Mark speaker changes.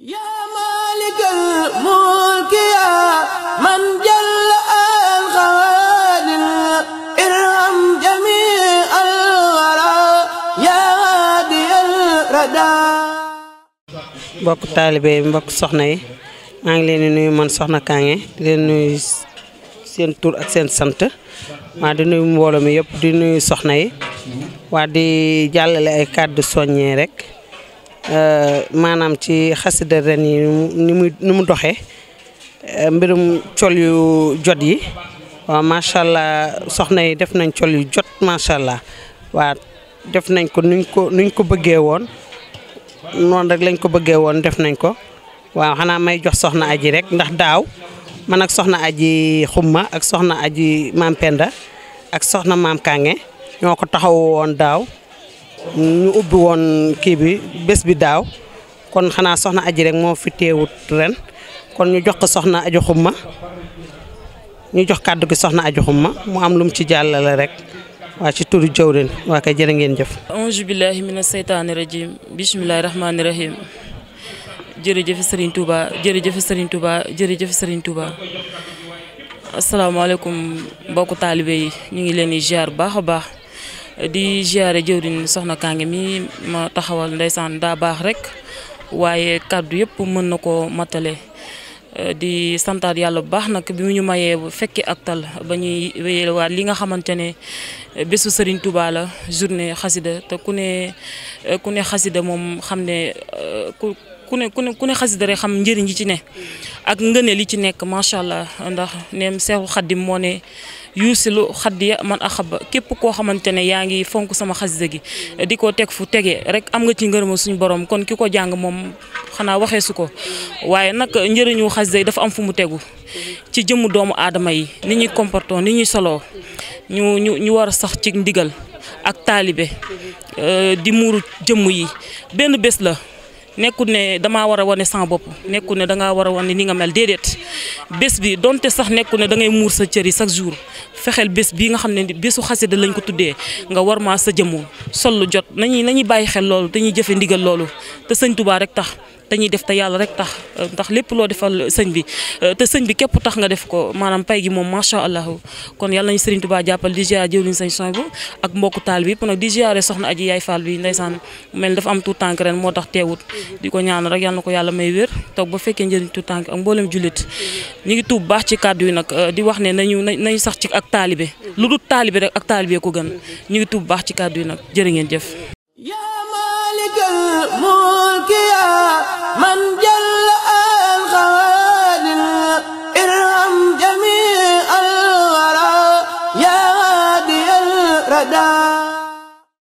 Speaker 1: yaa maalikal mulki man jalla al xawaadir jamii al waraa yaa haadiyal radaa mbokk taalibe mbokk soxna yi maa ngi leen di nuyu man soxna Kange di leen nuyu seen tuur ak seen sant maa di nuyu mbooloo mi yëpp di nuyu soxna yi waa di jàllale ay kàddu soññee rekk Euh, maanaam ci xasida ren yi ni muy ni mu doxee euh, mbirum col yu jot yi waaw macha allah soxna yi def nañ col yu jot macha allah waaw def nañ ko nuñ ko nuñ ko bëggee woon noonu rek lañ ko bëggee woon def nañ ko waaw xanaa may jox soxna aji rek ndax daaw man ak soxna aji xumma ak soxna aji maam Penda ak soxna maam Kange ñoo ko taxaw woon daaw ñu ubbi woon kii bi bés bi daaw kon xanaa soxna aji rek moo fi teewut ren kon ñu jox ko soxna aji xumma ñu jox kàddu gi soxna aji xumma mu am lum ci jàllale rek waa ci turu jawrin waa kay jërë ngeen jëf
Speaker 2: aouzu billahi mina seytaani rajim bismillahi rahmaani rahim jërëjëf Serigne Touba jërëjëf Serigne Touba jërëjëf Serigne Touba asalaamaaleykum mbokku taalibe yi ñu ngi leen di ziar baax a baax di ziare jëwriñ soxna Kange mi ma taxawal ndeysaan daa baax rek waaye kàddu yëpp mën na koo matale euh, di santaat yàlla bu baax nag bi mu ñu mayee fekke ak tal ba ñuy wéyalewaat li nga xamante ne euh, bésu sëriñ Touba la journée xasida te ku ne euh, ku ne xasida moom xam ne ku ku ne ku ku ne xasida rek xam njëriñ ji ci ne ak ngëne li ci nekk macha allah ndax neem Seexu Xaddim moo lu xaddiya man axaba képp koo xamante ne yaa ngi fonk sama xasida gi di ko teg fu tege rek am nga ci ngërëma suñu borom kon ki ko jàng moom xanaa waxee su ko waaye nag njëriñu xasida yi dafa am fu mu tegu ci jëmm doomu aadama yi ni ñuy comportons ni ñuy soloo ñu ñu ñu war a sax ci ndigal ak taalibe euh, di muuru jëmm yi benn bés la nekkul ne damaa war a wane sans bopp nekkul ne dangaa war a wane ni nga mel déedéet bés bi donte sax nekkul ne da ngay muur sa cër yi chaque jour fexeel bés bi nga xam ne bésu xasida lañ ko tuddee nga war maa sa jëmm sol lu jot nañuy nañuy bàyyi xel loolu te ñuy jëfe ndigal loolu te sëñ Tuubaa rek tax dañuy def te yàlla rek tax ndax lépp loo defal sëñ bi te sëñ bi képp tax nga def ko maanaam pay gi moom macha allah kon yàlla nañu Serigne tubaa jàppal di ziare jëwriñ sëñ son bu ak mbokk taal bi yëpp nag di ziare soxna aji yaay Fall bi ndeysaan mel dafa am tout tànk ren moo tax teewut di ko ñaan rek yàlla na ko yàlla may wér toog ba fekkee njëriñ tout tànk ak mboolem jullit ñu ngi tuub baax ci kàddu yi nag euh, di wax ne nañu nañu sax ci ak taalibe lu dul taalibe rek ak taalibe ko gën ñu ngi tuub baax ci kàddu yi nag jërë ngeen jëf